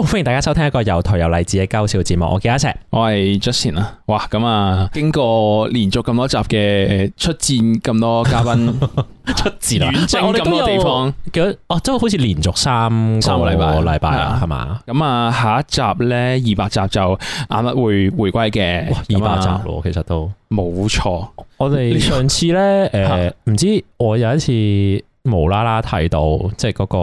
好歡迎大家收聽一個又頹又勵志嘅搞笑節目，我叫阿石，我係 Justin 啊。哇，咁啊，經過連續咁多集嘅出戰，咁多嘉賓出戰，遠 征咁多地方，咁哦，即係好似連續三個、啊、三個禮拜，禮拜啊，係嘛、啊？咁吧啊，下一集咧，二百集就啱啱會回歸嘅，二百集咯，啊、其實都冇錯。錯 我哋上次咧，誒、呃，唔知我有一次無啦啦睇到，即係嗰個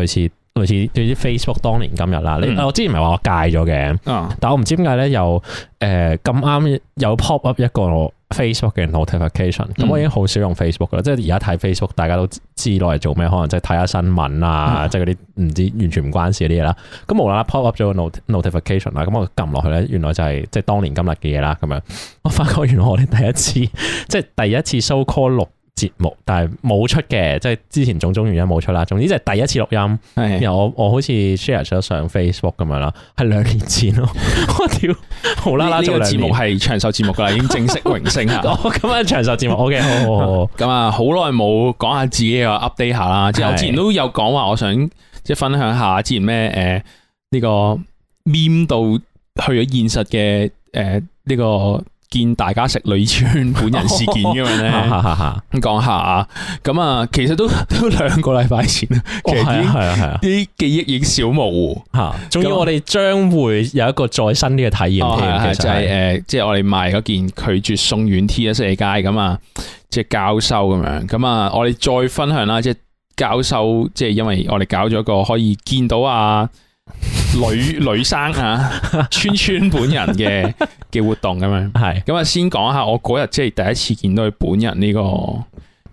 類似。類似類似 Facebook 當年今日啦，你我、嗯、之前咪話我戒咗嘅，啊、但我唔知點解咧，又誒咁啱有 pop up 一個 Facebook 嘅 notification，咁、嗯、我已經好少用 Facebook 噶啦，即係而家睇 Facebook 大家都知攞嚟做咩，可能即係睇下新聞啊，啊即係嗰啲唔知完全唔關事嘅啲嘢啦。咁無啦啦 pop up 咗個 notification 啦，咁我撳落去咧，原來就係即係當年今日嘅嘢啦，咁樣我發覺原來我哋第一次 即係第一次收、so、call 錄。節目，但係冇出嘅，即係之前種種原因冇出啦。總之就係第一次錄音，因為是的 我我好似 share 咗上 Facebook 咁樣啦，係兩年前咯。我屌， 無啦啦呢個節目係長壽節目噶啦， 已經正式榮升啦、哦。咁啊長壽節目，O K，好， okay，好好。咁啊好耐冇講下自己嘅 update 下啦。即係我之前都有講話，我想即係分享下之前咩誒呢個面度去咗現實嘅誒呢個。見大家食女村本人事件咁樣咧，講下啊，咁啊，其實都都兩個禮拜前啦，其實已經啲記憶已經小模糊吓。終於我哋將會有一個再新啲嘅體驗嘅，就係誒，即係我哋賣嗰件拒絕送軟 T 恤咁啊，即係交收咁樣，咁啊，我哋再分享啦，即係交收，即係因為我哋搞咗個可以見到啊。女女生啊，村村本人嘅嘅活動咁樣，係咁啊，先講下我嗰日即係第一次見到佢本人呢個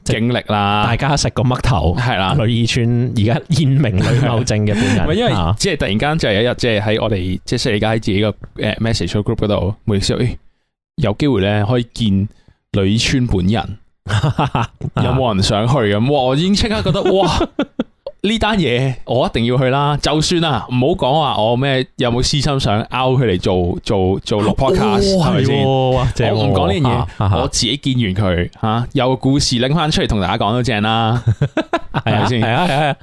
經歷啦。大家食個乜頭係啦？呂的以村而家現名呂某正嘅本人， 因為即係突然間就係有一日即係喺我哋即係私家喺自己個誒 message group 嗰度，我意、哎、有機會咧可以見呂以村本人，有冇人想去咁？ 哇！我已經即刻覺得哇～ 呢單嘢我一定要去啦，就算啦，唔好講話我咩有冇私心想 out 佢嚟做做做錄 podcast 係咪先？我唔講呢樣嘢，我自己見完佢吓，有故事拎翻出嚟同大家講都正啦，係咪先？係啊係啊，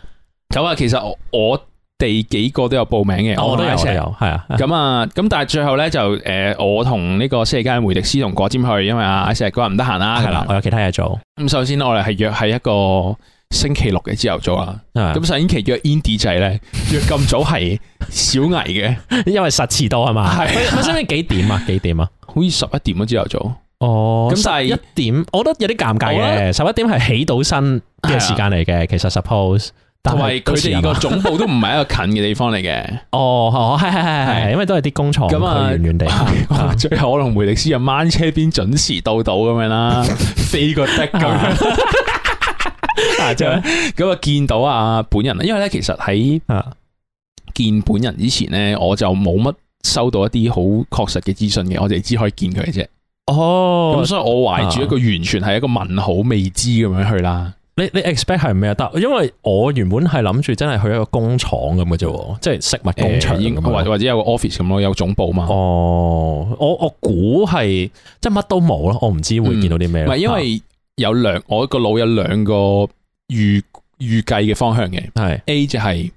咁啊，其實我哋幾個都有報名嘅，我都有，係啊，咁啊，咁但係最後咧就誒，我同呢個世界梅迪斯同郭尖去，因為啊，石哥唔得閒啦，係啦，我有其他嘢做。咁首先我哋係約喺一個。星期六嘅朝頭早啊，咁上星期約 Indy 仔咧，約咁早係小危嘅，因為實遲到啊嘛。係咪先？幾點啊？幾點啊？好似十一點啊。朝頭早。哦，咁但係一點，我覺得有啲尷尬嘅。十一點係起到身嘅時間嚟嘅，其實 suppose 同埋佢哋個總部都唔係一個近嘅地方嚟嘅。哦，係係係係，因為都係啲工廠，咁啊，遠遠地。最後可能梅麗斯又掹車邊準時到到咁樣啦，飛過得咁樣。咁啊！ 見到啊本人，因為咧，其實喺見本人之前咧，我就冇乜收到一啲好確實嘅資訊嘅，我哋只可以見佢嘅啫。哦，咁所以我懷住一個完全係一個問號未知咁樣去啦、哦啊。你你 expect 係咩得？因為我原本係諗住真係去一個工廠咁嘅啫，即、就、係、是、食物工廠，或、呃、或者有個 office 咁咯，有總部嘛。哦，我我估係即係乜都冇咯，我唔知會見到啲咩。唔係、嗯，因為有兩，是我一個腦有兩個。預預計嘅方向嘅，係是 A 就係、是，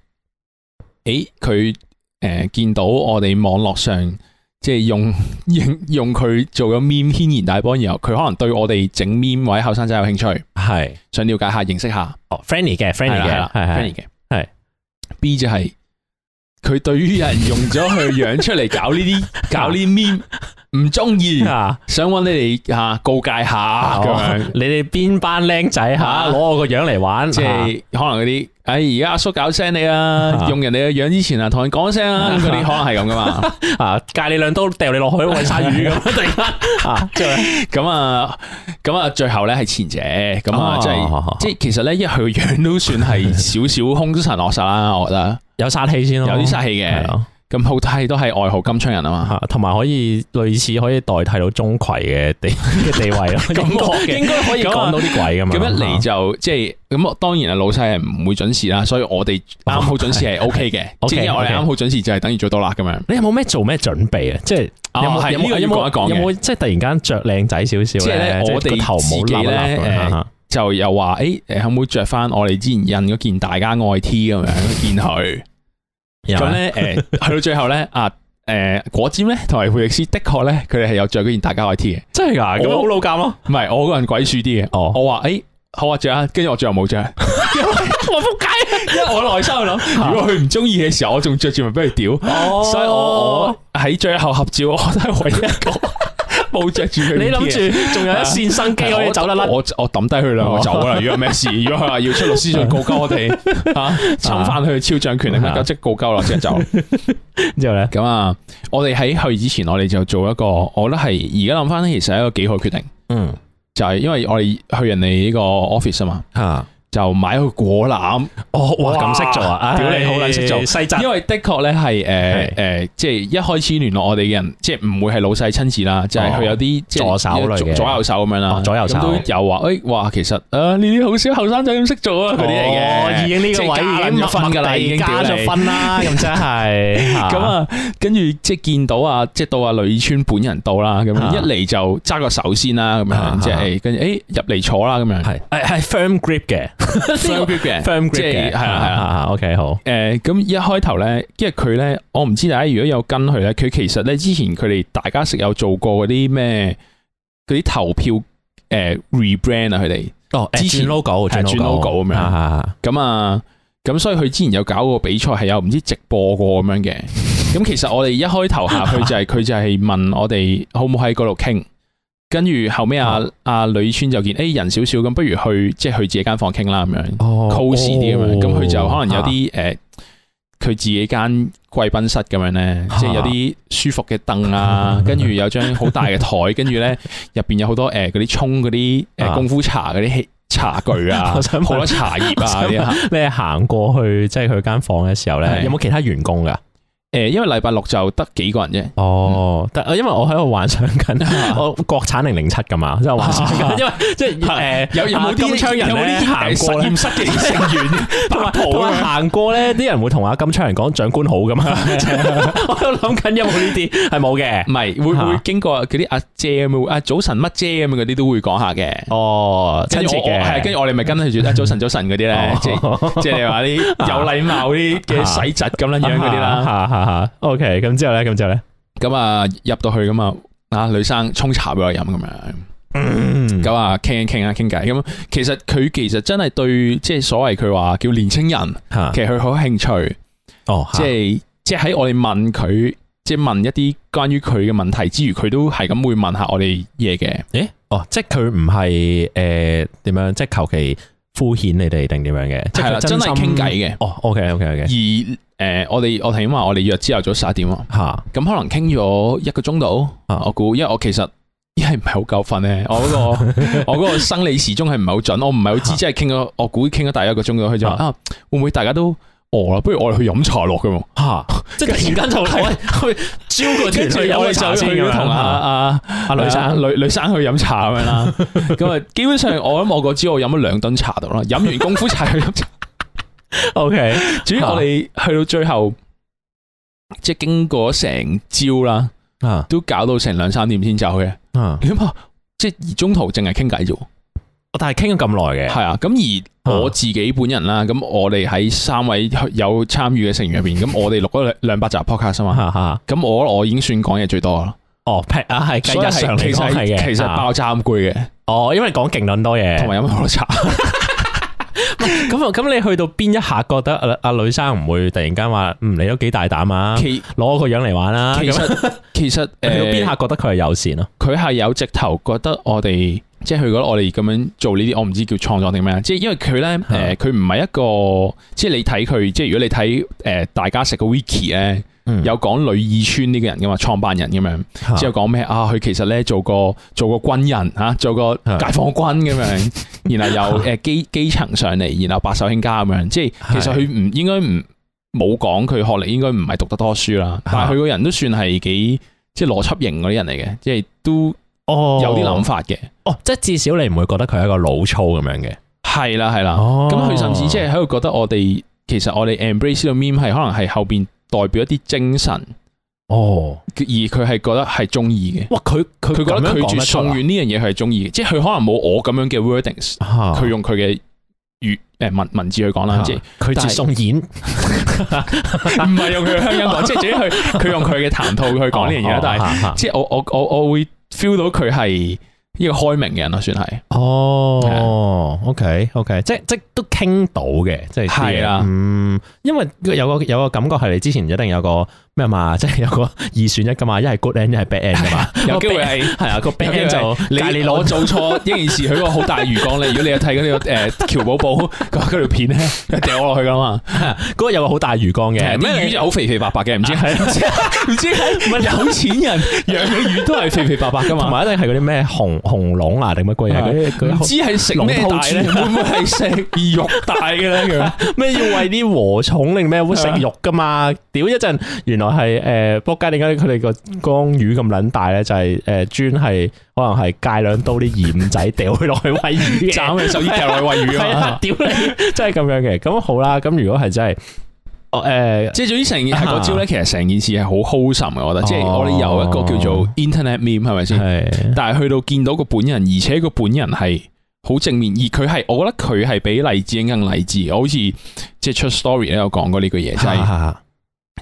誒佢誒見到我哋網絡上即係、就是、用用用佢做咗 meme 軒然大波，然後佢可能對我哋整 meme 位後生仔有興趣，係是想了解下認識下哦 friendly 嘅 friendly 嘅係係 friendly 嘅係 B 就係、是、佢對於有人用咗佢樣出嚟搞呢啲 搞呢啲 meme。」唔中意啊！想揾你哋吓告誡下，咁樣，你哋邊班僆仔吓攞我個樣嚟玩，即係可能嗰啲，哎而家阿叔搞聲你啊，用人哋嘅樣之前啊，同人講聲啊，嗰啲可能係咁噶嘛啊，劏你兩刀掉你落去餵鯊魚咁突然啊，咁啊咁啊，最後咧係前者，咁啊即係即係其實咧，因為佢個樣都算係少少凶神惡煞啦，我覺得有殺氣先咯，有啲殺氣嘅。咁好睇都係外號金槍人啊嘛，吓，同埋可以類似可以代替到鍾馗嘅地嘅地位咯。咁應該可以講到啲鬼咁樣。咁一嚟就即係，咁當然啊，老細係唔會準時啦，所以我哋啱好準時係 OK 嘅。即係我哋啱好準時就係等於做到啦咁樣。你有冇咩做咩準備啊？即係有冇係呢個要講一講有冇即係突然間着靚仔少少即咧？我哋頭冇笠咧，就又話誒，可唔可以着翻我哋之前印嗰件大家愛 T 咁樣見佢？咁咧，誒 Yeah.，去、呃、到最後咧，啊，誒、呃，果尖咧同埋胡力斯的確咧，佢哋係有着嗰件大家 I T 嘅，真係噶，咁好老尷咯、啊，唔係我個人鬼鼠啲嘅，哦、oh.，我、欸、話，誒，我着啊，跟住、啊、我最後冇着，我仆街， 因為我內心諗， 如果佢唔中意嘅時候，我仲着住咪俾佢屌，oh. 所以我我喺最後合照，我都係唯一一個。 冇着住佢，你諗住仲有一線生機，我走得甩。我我抌低佢啦，我走啦。如果咩事，如果佢話要出律師信告鳩我哋，吓，侵犯佢肖像權力即告鳩啦，即係走。之後咧，咁啊，我哋喺去之前，我哋就做一個，我覺得係而家諗翻咧，其實係一個幾好決定。嗯，就係因為我哋去人哋呢個 office 啊嘛。就買個果籃，哦，哇，咁識做啊！屌你好撚識做，因為的確咧係誒誒，即係一開始聯絡我哋嘅人，即係唔會係老細親自啦，就係佢有啲助手類嘅左右手咁樣啦，左右手都有話誒，哇，其實啊呢啲好少後生仔咁識做啊，嗰啲嘢嘅，已經呢個位已經加咗分噶啦，已經屌你加咗分啦，咁真係咁啊，跟住即係見到啊，即係到阿呂村本人到啦，咁樣一嚟就揸個手先啦，咁樣即係誒跟住誒入嚟坐啦，咁樣係係 firm grip 嘅。Theme brand 即係係啊係啊，OK 好。誒，咁一開頭咧，因為佢咧，我唔知大家如果有跟佢咧，佢其實咧之前佢哋大家食有做過嗰啲咩嗰啲投票誒 rebrand 啊，佢哋哦，轉 logo，係轉 logo 咁樣，咁啊，咁所以佢之前有搞個比賽，係有唔知直播過咁樣嘅。咁其實我哋一開頭下去就係佢就係問我哋可唔可以喺嗰度傾。跟住後尾，阿阿呂以村就見，誒人少少咁，不如去即係去自己間房傾啦咁樣，cos 啲咁樣，咁佢就可能有啲誒，佢自己間貴賓室咁樣咧，即係有啲舒服嘅凳啊，跟住有張好大嘅台，跟住咧入邊有好多誒嗰啲沖嗰啲誒功夫茶嗰啲茶具啊，好多茶葉啊，咩行過去即係佢間房嘅時候咧，有冇其他員工㗎？誒，因為禮拜六就得幾個人啫。哦，但係因為我喺度幻想緊，我國產零零七噶嘛，即係幻想緊，因為即係誒，有冇啲有呢啲行過咧？實驗室嘅成員，同埋同埋行過咧，啲人會同阿金槍人講長官好噶嘛？我喺度諗緊有冇呢啲？係冇嘅。唔係會唔會經過嗰啲阿姐咁啊，早晨乜姐咁啊，嗰啲都會講下嘅。哦，親切嘅。係跟住我哋咪跟住住啦，早晨早晨嗰啲咧，即係即係你話啲有禮貌啲嘅洗窒咁樣樣嗰啲啦。吓吓。吓，OK，咁之後咧，咁之後咧，咁啊入到去咁啊，啊女生沖茶俾我飲咁樣，咁啊傾一傾啦，傾偈。咁其實佢其實真係對，即係所謂佢話叫年青人，啊、其實佢好興趣。哦，即係即係喺我哋問佢，即係問一啲關於佢嘅問題之餘，佢都係咁會問下我哋嘢嘅。誒，哦，即係佢唔係誒點樣，即係求其敷衍你哋定點樣嘅？係啦的、啊，真係傾偈嘅。哦，OK，OK，OK，、okay, okay, okay. 而。誒，我哋我聽話我哋約之後早十一點啊，咁可能傾咗一個鐘度，我估，因為我其實因係唔係好夠瞓咧，我嗰個我個生理時鐘係唔係好準，我唔係好知，即係傾咗，我估傾咗第一個鐘度，佢就話啊，會唔會大家都餓啦？不如我哋去飲茶落噶，吓，即係突然間就去招個團隊飲個茶，咁同阿阿阿女生女女生去飲茶咁樣啦，咁啊，基本上我諗我嗰朝我飲咗兩頓茶度啦，飲完功夫茶去飲茶。OK，主要我哋去到最後，即係經過成朝啦，都搞到成兩三點先走嘅。咁啊，即係而中途淨係傾偈啫，我但係傾咗咁耐嘅。係啊，咁而我自己本人啦，咁我哋喺三位有參與嘅成員入邊，咁我哋錄咗兩百集 podcast 啊嘛，咁我我已經算講嘢最多咯。哦，劈啊，係日常嚟講係嘅，其實爆炸咁攰嘅。哦，因為講勁捻多嘢，同埋飲好多茶。咁啊，咁 你去到邊一下覺得阿阿女生唔會突然間話唔你都幾大膽啊？攞其個樣嚟玩啦、啊。其實其實誒，邊 下覺得佢係友善咯、啊？佢係、呃、有直頭覺得我哋即係去到我哋咁樣做呢啲，我唔知叫創作定咩？即係因為佢咧誒，佢唔係一個即係你睇佢，即係如果你睇誒大家食個 Wiki 咧。有講呂以村呢個人噶嘛，創辦人咁樣，之後講咩啊？佢其實咧做過做過軍人吓、啊，做過解放軍咁樣， 然後又誒、呃、基基層上嚟，然後白手興家咁樣。即係是其實佢唔應該唔冇講佢學歷，應該唔係讀得多書啦。但係佢個人都算係幾即係邏輯型嗰啲人嚟嘅，即係都有啲諗法嘅、哦。哦，即係至少你唔會覺得佢係一個老粗咁樣嘅。係啦係啦，咁佢、哦、甚至即係喺度覺得我哋其實我哋 embrace 呢個 meme 係可能係後邊。代表一啲精神哦，而佢係覺得係中意嘅。哇，佢佢佢覺得佢住送演呢樣嘢係中意嘅，即係佢可能冇我咁樣嘅 wordings，佢用佢嘅粵誒文文字去講啦。即係佢接送演，唔係用佢嘅香港即係主要佢佢用佢嘅談吐去講呢樣嘢。但係即係我我我我會 feel 到佢係。呢個開明嘅人咯，我算係。哦是，OK，OK，okay, okay, 即係即都傾到嘅，即係係啦。的嗯，因為有個有個感覺係你之前一定有個。咩嘛，即係有個二選一噶嘛，一係 good end，一係 bad end 噶嘛，有機會係係啊，個 bad end 就，你攞做錯一件事，佢個好大魚缸咧，如果你有睇嗰啲誒喬寶寶嗰條片咧，掉我落去噶嘛，嗰個有個好大魚缸嘅，啲魚好肥肥白白嘅，唔知係唔知係唔係有錢人養嘅魚都係肥肥白白噶嘛，唔係一定係嗰啲咩紅紅龍啊定乜鬼嘢，唔知係食咩大咧，會唔會係食肉大嘅咧？咩要餵啲禾蟲定咩？會食肉噶嘛？屌一陣原就係誒，仆街點解佢哋個江魚咁撚大咧？就係誒，專係可能係戒兩刀啲鹽仔掉去落 去餵魚 對，斬去手醃嚟餵魚啊！屌你， 真係咁樣嘅。咁好啦，咁如果係真係，誒、哦，呃、即係總之成件係嗰招咧。啊、其實成件事係好 wholesome 嘅，啊、我覺得。即係、啊、我哋有一個叫做 Internet meme，係咪先？是但係去到見到個本人，而且個本人係好正面，而佢係，我覺得佢係比勵志鷹更勵志。我好似即係出 story 有講過呢句嘢，真係。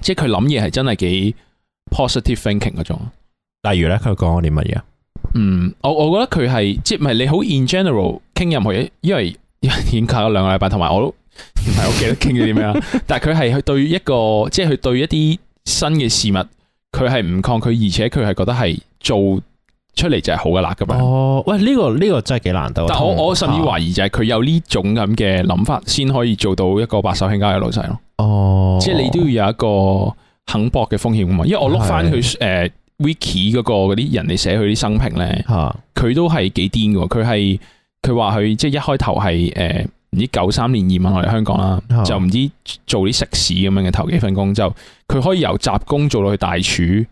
即係佢諗嘢係真係幾 positive thinking 嗰種，例如咧佢講啲乜嘢啊？嗯，我我覺得佢係即係唔係你好 in general 傾任何嘢，因為已經隔咗兩個禮拜，同埋我都唔係好記得傾啲咩啦。 但係佢係去對一個，即係去對一啲新嘅事物，佢係唔抗拒，而且佢係覺得係做出嚟就係好嘅啦，咁樣。哦，喂，呢個呢個真係幾難得。但我文我甚至懷疑就係佢有呢種咁嘅諗法，先可以做到一個白手興家嘅老細咯。哦，即係你都要有一個肯搏嘅風險啊嘛，因為我碌翻佢誒，wiki 嗰個嗰啲人哋寫佢啲生平咧，佢都係幾癲噶，佢係佢話佢即係一開頭係誒唔知九三年移民嚟香港啦，是的 就唔知做啲食肆咁樣嘅頭幾份工，就佢可以由雜工做到去大廚。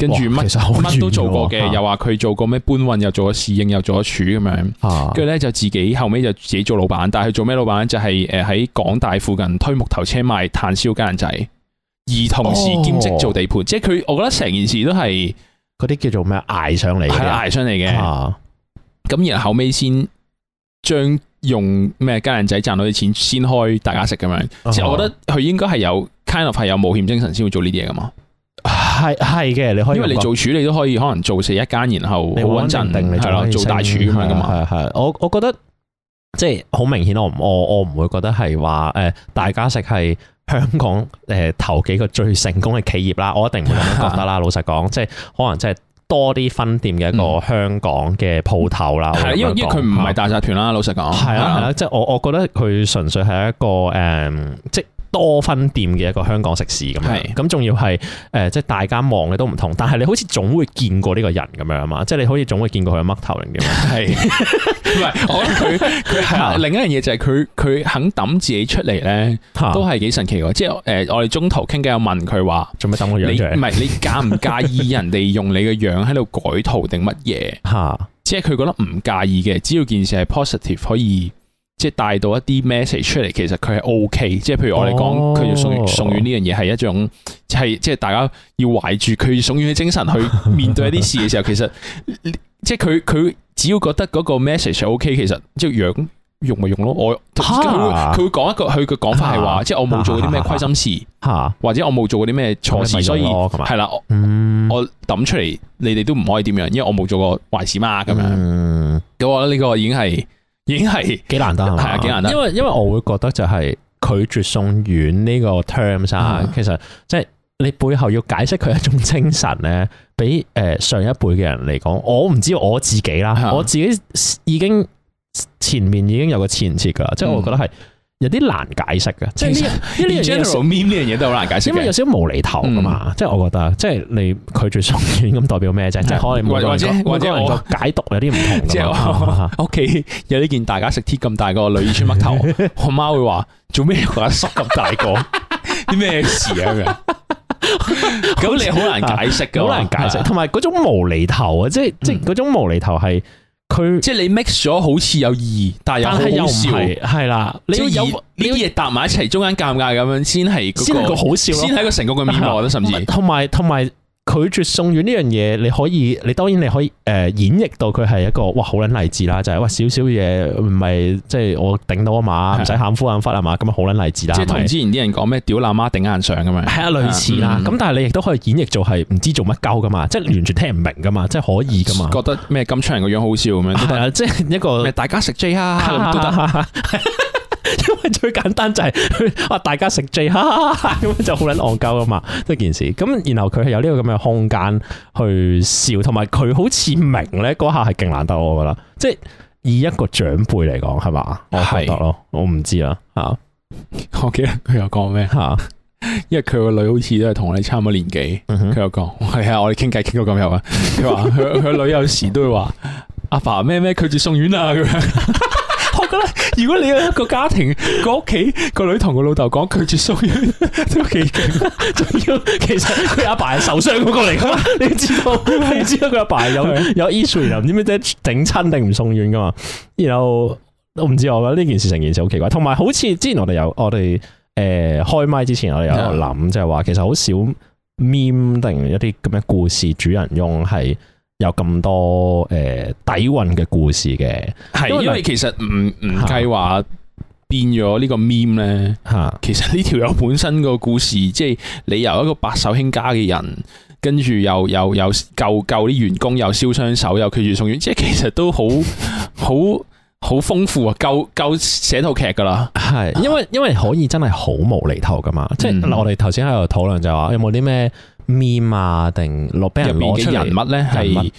跟住乜乜都做過嘅，又話佢做過咩搬運，啊、又做咗侍應，又做咗廚咁樣。跟住咧就自己後尾就自己做老闆，但係佢做咩老闆咧？就係誒喺港大附近推木頭車賣炭燒雞蛋仔，而同時兼職做地盤。哦、即係佢，我覺得成件事都係嗰啲叫做咩捱上嚟嘅，捱、啊、上嚟嘅。咁然、啊、後後尾先將用咩雞蛋仔賺到啲錢先開大家食咁樣。之後、嗯、我覺得佢應該係有 kind of 係有冒險精神先會做呢啲嘢噶嘛。係係嘅，你可以。因為你做處理都可以可能做成一間，然後好穩陣定你係做大處咁樣噶嘛。我我覺得即係好明顯，我我我唔會覺得係話誒，大家食係香港誒頭幾個最成功嘅企業啦。我一定唔咁覺得啦。老實講，即係可能即係多啲分店嘅一個香港嘅鋪頭啦。因為佢唔係大集團啦。老實講，係啦係啦，即係我我覺得佢純粹係一個誒即。多分店嘅一個香港食肆咁樣，咁仲是要係誒，即係大家望咧都唔同，但係你好似總會見過呢個人咁樣啊嘛，即係你好似總會見過佢嘜頭定點。係唔係？我覺得佢佢係另一樣嘢就係佢佢肯抌自己出嚟咧，都係幾神奇嘅。即係誒，我哋中途傾偈有問佢話，做咩抌個樣出嚟唔係你介唔介意人哋用你嘅樣喺度改圖定乜嘢？吓， 即係佢覺得唔介意嘅，只要件事係 positive 可以。即係帶到一啲 message 出嚟，其實佢係 O K。即係譬如我哋講，佢要送完、哦、送院呢樣嘢係一種，即係即係大家要懷住佢要送院嘅精神去面對一啲事嘅時候， 其實即係佢佢只要覺得嗰個 message 係 O K，其實即係用用咪用咯。我佢佢哈會講一個佢嘅講法係話，哈即係我冇做過啲咩虧心事吓，哈或者我冇做過啲咩錯事所，所以係啦，我、嗯、我抌出嚟，你哋都唔可以點樣，因為我冇做過壞事嘛咁、嗯嗯、樣。咁我覺得呢個已經係。已經係幾難得係啊，幾難得。因為因為我會覺得就係拒絕送院呢個 terms、啊、啊、其實即係你背後要解釋佢一種精神咧，俾誒上一輩嘅人嚟講，我唔知我自己啦，啊、我自己已經前面已經有個前設噶，啊、即係我覺得係。有啲難解釋嘅，即係呢呢樣嘢都好難解釋，因為有少少無厘頭噶嘛。即係我覺得，即係你拒絕送軟咁代表咩啫？或者或者或者我解讀有啲唔同。即係話屋企有呢件大家食鐵咁大個女穿乜頭，我媽會話做咩？我阿叔咁大個，啲咩事啊？咁你好難解釋噶，好難解釋。同埋嗰種無厘頭啊，即係即係嗰種無厘頭係。佢它 即係你 mix 咗好似有意義，但係又唔係，係啦。你要義呢啲嘢搭埋一齊，有中間尷尬咁樣先係先個好笑先係一個成功嘅面貌，是甚至同埋同埋。拒絕送院呢樣嘢，你可以，你當然你可以，誒演繹到佢係一個，哇好捻勵志啦，就係哇少少嘢唔係，即係我頂到阿媽，唔使喊呼喊忽啊嘛，咁啊好捻勵志啦。即係同之前啲人講咩屌喇媽頂硬上咁樣。係啊，類似啦。咁的、嗯嗯、但係你亦都可以演繹做係唔知做乜鳩噶嘛，即係完全聽唔明噶嘛，即係的可以噶嘛。覺得咩金昌人個樣好笑咁樣。係啊，即係一個。大家食 J 啊。 因為最簡單就係、是、佢大家食醉、啊，哈咁就好捻戇鳩啊嘛，即、就是、件事。咁然後佢係有呢個咁嘅空間去笑，同埋佢好似明咧嗰下係勁難得我噶啦，即係以一個長輩嚟講係嘛，我覺得咯，是我唔知啦吓。我記得佢又講咩吓，啊、因為佢個女好似都係同我哋差唔多年紀，佢又講係啊，我哋傾偈傾到咁樣啊。佢話佢佢女有時都會話阿爸咩咩，拒絕送院啊咁樣。 如果你有一個家庭 個屋企個女同個老豆講拒絕送院都幾勁，仲 要其實佢阿爸係受傷過嚟噶，你知道，你 知道佢阿爸，爸有有 E 孫又唔知咩啫，整親定唔送院噶嘛？然後都唔知我得呢件事情其實好奇怪，同埋好似之前我哋有我哋誒開麥之前我哋有度諗，就係話其實好少 Mim 定一啲咁嘅故事主人用係。有咁多誒、呃、底蘊嘅故事嘅，係的因為其實唔唔計話變咗呢個 meme 咧吓，的其實呢條友本身個故事，即、就、係、是、你由一個白手興家嘅人，跟住又又又，又救救啲員工，又燒傷手，又拒絕送院，即係其實都好好好豐富啊，夠夠寫套劇噶啦，係因為因為可以真係好無厘頭噶嘛，嗯、即係嗱我哋頭先喺度討論就話有冇啲咩？面啊，定落俾人攞出嚟嘅人物咧，係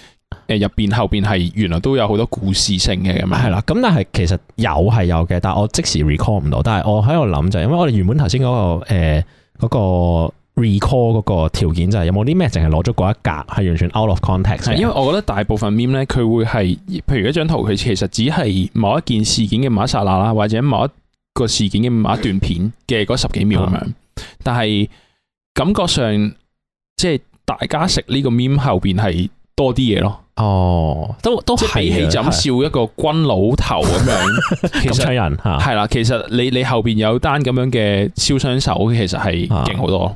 誒入邊後邊係原來都有好多故事性嘅，係咪？係啦，咁但係其實有係有嘅，但係我即時 recall 唔到。但係我喺度諗就係、是，因為我哋原本頭先嗰個誒嗰、呃那個 recall 嗰個條件就係有冇啲咩淨係攞咗嗰一格係完全 out of context。因為我覺得大部分面咧，佢會係，譬如一張圖，佢其實只係某一件事件嘅某一剎那啦，或者某一個事件嘅某一段片嘅嗰十幾秒咁樣，的但係感覺上。即係大家食呢個後面後邊係多啲嘢咯。哦，都都係。比是起咁、就是、笑一個軍老頭咁樣，搶 人吓。係啦樣， 其實你你後邊有單咁樣嘅超雙手，其實係勁好多、啊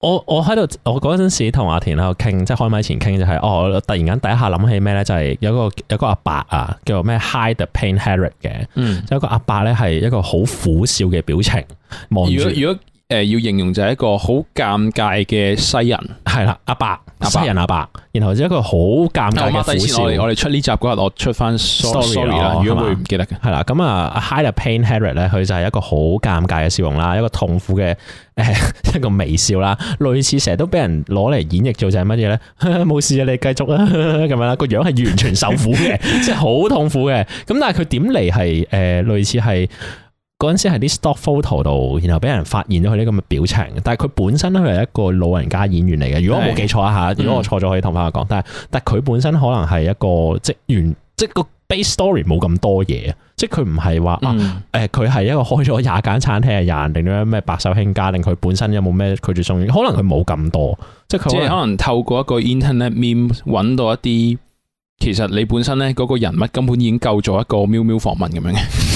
我。我我喺度，我嗰陣時同阿田喺度傾，即、就、係、是、開麥前傾就係、是，哦，突然間第一下諗起咩咧，就係、是、有個有個阿伯啊，叫做咩 Hide the Pain Harold 嘅，嗯，有一個阿伯咧係一個好苦笑嘅表情望住。如果，如果誒，要形容就係一個好尷尬嘅、啊、爸衰人，係啦，阿伯，衰人阿伯，然後就一個好尷尬嘅苦笑。我哋出呢集嗰日，我出翻 sorry 啦 sorry,，如果會唔記得嘅係啦。咁啊 Hide the Pain Harold 咧，佢就係一個好尷尬嘅笑容啦，一個痛苦嘅、誒一個微笑啦，類似成日都俾人攞嚟演繹做就係乜嘢咧？冇 事啊，你繼續啊，咁樣啦，個樣係完全受苦嘅， 即係好痛苦嘅。咁但係佢點嚟係誒類似係。嗰陣時係啲 stock photo 度，然後俾人發現咗佢呢個表情。但係佢本身咧，係一個老人家演員嚟嘅。如果我冇記錯啊吓，嗯、如果我錯咗可以同翻我講。但係但係佢本身可能係一個即係即係個 base story 冇咁多嘢，即係佢唔係話啊誒，佢，欸，係一個開咗廿間餐廳，嘅人定咗咩白手興家，定佢本身有冇咩拒絕送院？可能佢冇咁多，即係即可能透過一個 internet meme 搵到一啲，其實你本身咧嗰個人物根本已經夠咗一個喵喵訪問咁樣嘅。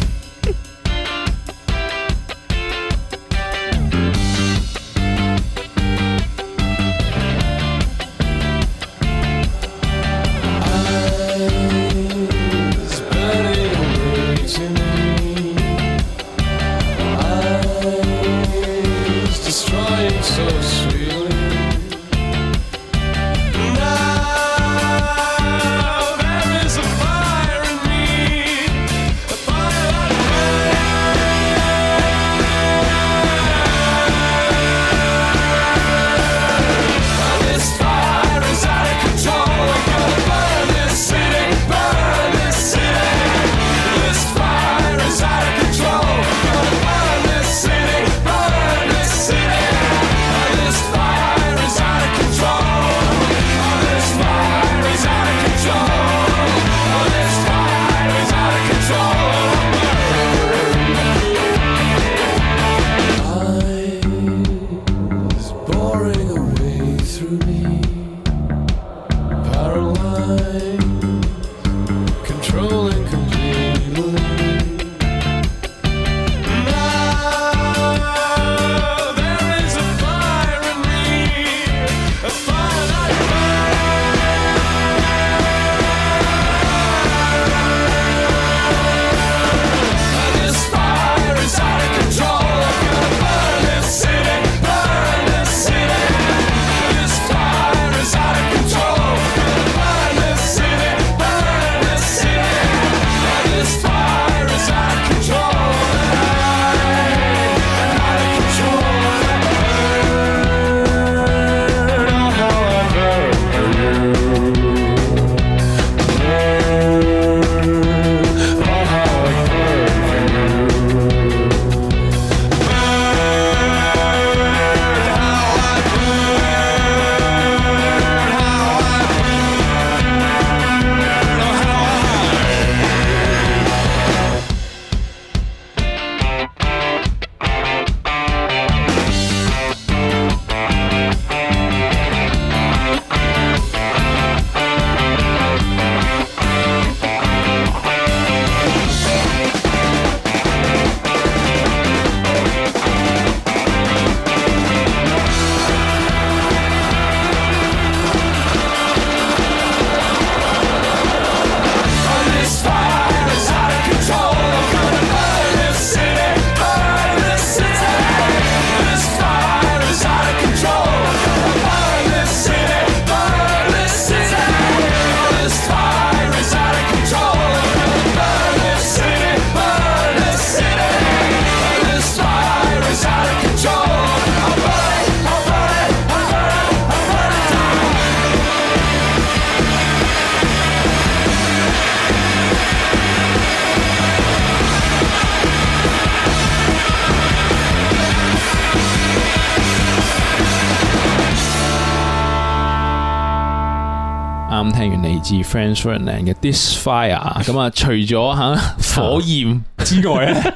Franz Ferdinand 嘅 This Fire 咁啊，除咗吓火焰 之外咧，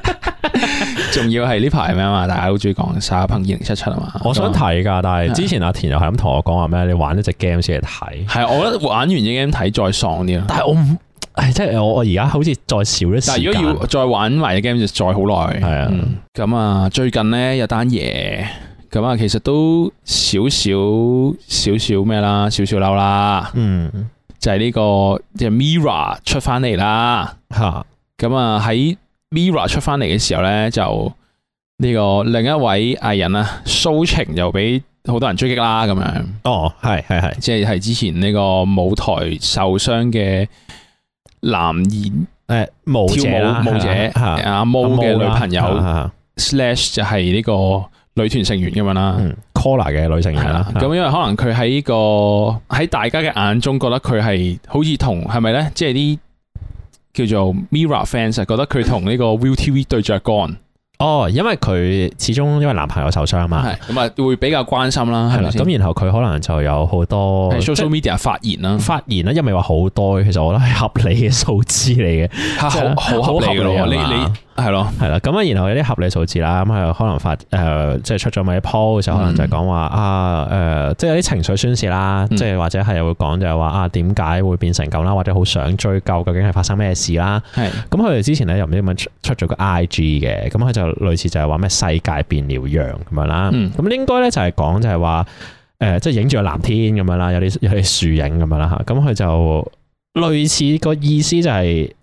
仲要係呢排咩啊？嘛，大家好中意講沙鵬二零七七啊嘛，我想睇噶，那但係之前阿田又係咁同我講，話咩？你玩一隻 game 先嚟睇，係、啊、我覺得，玩完隻 game 睇再爽啲啊。但係我唔，即係我我而家好似再少一啲。但係如果要再玩埋隻 game，就再好耐。係啊，咁啊、嗯嗯，最近咧有單嘢，咁啊，其實都少少少少咩啦，少少嬲啦，嗯。就係呢、這個即係、就是、Mirror 出翻嚟啦，吓咁啊喺 Mirror 出翻嚟嘅時候咧，就呢、這個另一位藝人啊，So Ching 就俾好多人追擊啦，咁樣哦，係係係，即係係之前呢個舞台受傷嘅男演誒舞，舞者舞者啊，阿 Mo 嘅女朋友 Slash 就係呢、這個。女團成員咁樣啦 c o l a 嘅女成員啦，咁因為可能佢喺呢個喺大家嘅眼中覺得佢係好似同係咪咧？即係啲叫做 m i r r o r fans 覺得佢同呢個 ViuTV 對着幹。哦，因為佢始終因為男朋友受傷嘛，係咁啊，會比較關心啦。係啦，咁然後佢可能就有好多 social media 發言啦，發言啦，因唔係話好多其實我覺得係合理嘅數字嚟嘅，好，好合理嘅你你。係咯，係啦，咁啊，然後有啲合理數字啦，咁佢可能發誒、呃，即係出咗咪一 post 就可能就係講話啊，誒、呃，即係有啲情緒宣泄啦，即係、嗯、或者係會講就係話啊，點解會變成咁啦，或者好想追究究竟係發生咩事啦。係、嗯，咁佢哋之前咧又唔知點樣出咗個 I G 嘅，咁佢就類似就係話咩世界變了樣咁樣啦，咁、嗯、應該咧就係講就係話誒，即係影住個藍天咁樣啦，有啲有啲樹影咁樣啦吓，咁佢就類似、那個意思就係、就是。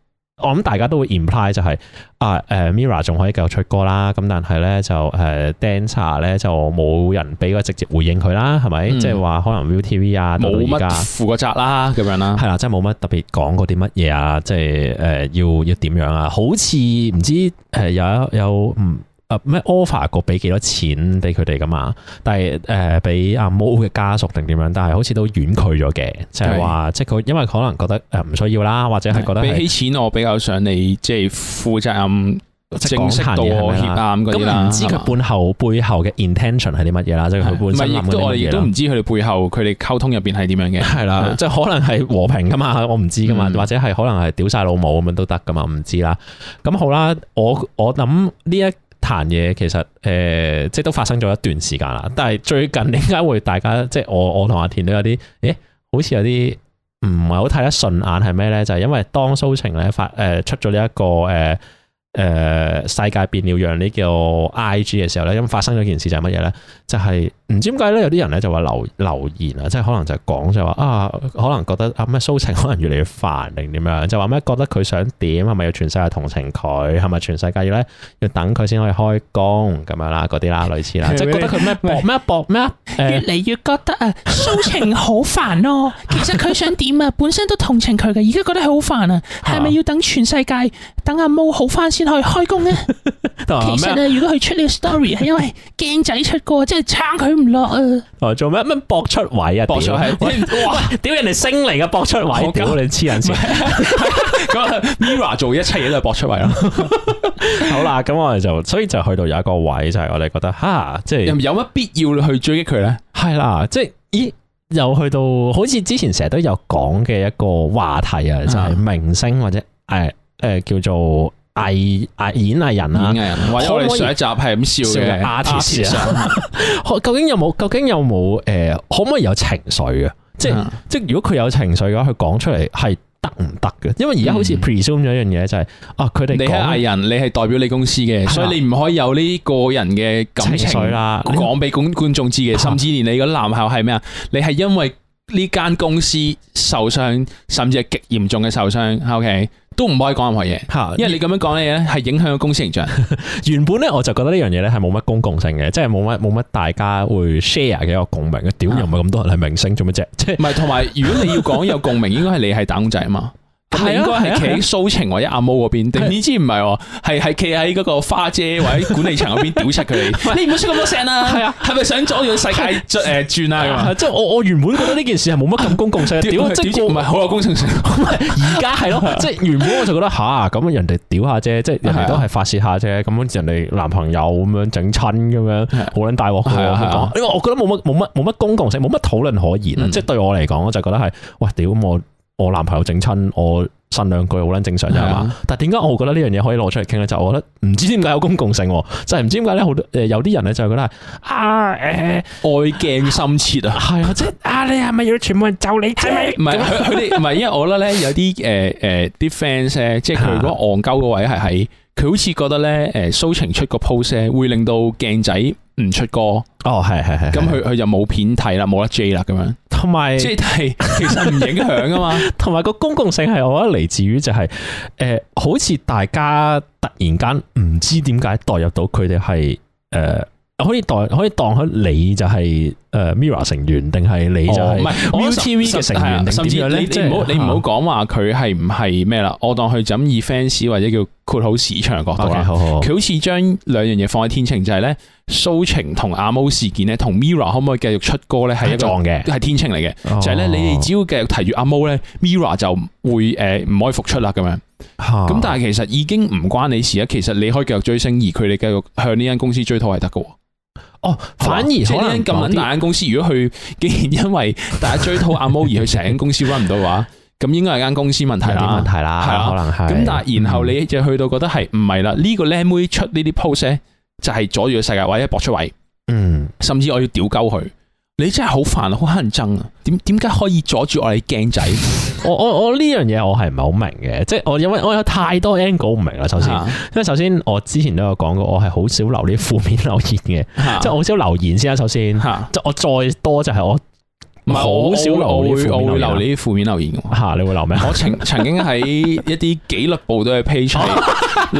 我諗大家都會 imply 就係、是、啊，誒、呃、Mira 仲可以繼續出歌啦，咁但係咧就誒、呃、Dancer 咧就冇人俾個直接回應佢啦，係咪？即係話可能 ViuTV 啊，冇乜負過責啦，咁樣啦，係啦，即係冇乜特別講過啲乜嘢啊，即係誒，要要點樣啊？好似唔知誒、呃，有有唔？嗯咩 offer 過俾幾多錢俾佢哋噶嘛？但係誒，俾阿毛嘅家屬定點樣？但係好似都婉拒咗嘅，即係話，即係佢因為可能覺得誒唔需要啦，或者係覺得俾起錢我比較想你即係負責任，正式道歉啲唔知佢背後背後嘅 intention 係啲乜嘢啦。即係佢本身都我哋都唔知佢哋背後佢哋溝通入邊係點樣嘅。係啦，即係可能係和平噶嘛？我唔知噶嘛， 或者係可能係屌晒老母咁樣都得噶嘛？唔知啦。咁好啦，我我諗呢一。談嘢其實誒、呃，即係都發生咗一段時間啦。但係最近點解會大家即係我我同阿田都有啲，誒，好似有啲唔係好睇得順眼係咩呢？就係、是、因為當蘇晴咧發誒、呃、出咗呢一個誒。呃誒，世界變了樣，讓呢叫 I G 嘅時候咧，咁發生咗件事就係乜嘢咧？就係、是、唔知點解咧，有啲人咧就話留留言啊，即係可能就講就話啊，可能覺得啊咩蘇晴可能越嚟越煩定點樣？就話咩覺得佢想點？係咪要全世界同情佢？係咪全世界要咧要等佢先可以開工咁樣啦？嗰啲啦，類似啦，對對即係覺得佢咩搏咩搏咩，對對嗯、越嚟越覺得啊蘇晴好煩咯、啊。 其實佢想點啊？本身都同情佢嘅，而家覺得佢好煩啊。係咪要等全世界等阿毛、oh、好翻先？去開工咧，其實啊，如果佢出呢個 story，係因為鏡仔出過，即係撐佢唔落啊！做咩？乜博出位啊？博出位哇！屌人哋星嚟嘅博出位，屌你黐人線！咁 Mira 做一切嘢都係博出位咯。好啦，咁我哋就所以就去到有一個位，就係我哋覺得，哈，即係有乜必要去追擊佢咧？係啦，即係咦？又去到好似之前成日都有講嘅一個話題啊，就係明星或者誒誒叫做。藝藝演藝人啊，可可我哋上一集係咁笑嘅 artist 啊，究竟 有冇？究竟 有冇？誒、呃，可唔可以有情緒嘅、嗯？即係即係，如果佢有情緒嘅話，佢講出嚟係得唔得嘅？因為而家好似 presume 咗一樣嘢、就是，就係啊，佢哋你係藝人，你係代表你公司嘅，嗎所以你唔可以有呢個人嘅感情，情啦，講俾觀觀眾知嘅，甚至連你嗰個男校係咩啊？你係因為。呢間公司受傷，甚至係極嚴重嘅受傷，OK 都唔可以講任何嘢，因為你咁樣講嘢咧，係影響公司形象。 原本咧，我就覺得呢樣嘢咧係冇乜公共性嘅，即係冇乜冇乜大家會 share 嘅一個共鳴嘅。屌、嗯、又唔係咁多人係明星做乜啫？即係唔係同埋，如果你要講有共鳴，應該係你係打工仔啊嘛。係啊，應該係企喺蘇晴或者阿毛嗰邊定？你知唔係？係係企喺嗰個花姐或者管理層嗰邊屌出佢，你唔好出咁多聲啦。係啊，係咪想阻住世界轉誒轉啊？即係我我原本覺得呢件事係冇乜咁公共性，屌唔係好有公共性。而家係咯，即係原本我就覺得吓咁人哋屌下啫，即係人哋都係發洩下啫，咁樣人哋男朋友咁樣整親咁樣好卵大鑊嘅。因為我覺得冇乜冇乜冇乜公共性，冇乜討論可言。即係對我嚟講，我就覺得係喂屌我。我男朋友整親我呻兩句好撚正常啫嘛，是啊、但係點解我覺得呢樣嘢可以攞出嚟傾咧？就是、我覺得唔知點解有公共性、啊，就係、是、唔知點解咧，好多誒有啲人咧就覺得係啊誒、呃、愛鏡深切啊，啊，係即係啊，啊你係咪要全部人就你是是？係咪唔係佢佢唔係， 因為我覺得咧有啲誒誒啲 fans 咧，即係佢如果戇鳩嗰位係喺。佢好似覺得咧，誒，so ching 出個 post 會令到鏡仔唔出歌，哦，係係係，咁佢佢就冇片睇啦，冇得 j 啦，咁樣有。即係其實唔影響啊嘛，同埋個公共性係、就是，我覺得嚟自於就係，誒，好似大家突然間唔知點解代入到佢哋係，誒、呃。可以代可以當佢你就係誒 Mirror 成員，定係你就係唔係 MTV 嘅成員，甚至你唔好、就是、你唔好講話佢係唔係咩啦。我當佢就以 fans 或者叫括號市場角度佢、okay，好似將兩樣嘢放喺天秤，就係咧 So Ching 同阿毛事件咧，同 Mirror 可唔可以繼續出歌咧，係一個係的天秤嚟嘅。哦、就係、是、咧，你哋只要繼續提住阿毛咧，Mirror 就會誒唔可以復出啦咁樣。咁、啊、但係其實已經唔關你事啦。其實你可以繼續追星，而佢哋繼續向呢間公司追討係得嘅。哦，反而可能咁大間公司噢如果去，既然因為大家追討阿 Mo， 而去成間公司 run 唔到話，咁應該係間公司問題啦， 問題啦，係啦、啊，咁但係然後你就去到覺得係唔係啦，呢、嗯這個靚妹出呢啲 post 咧，就係阻住個世界位，搏出位，嗯，甚至我要屌鳩佢。你真係好煩啊，好乞人憎啊！點點解可以阻住我哋鏡仔？我我我呢樣嘢我係唔係好明嘅？即係我有我有太多 angle 唔明啦。首先，是啊、因為首先我之前都有講過，我係好少留啲負面留言嘅，是啊、即係我好少留言先啦、啊。首先，即是、啊、我再多就係我。唔係好少我，留我會留你啲負面留言噶吓，你會留咩？我曾 曾經喺一啲紀律部都係批出嚟，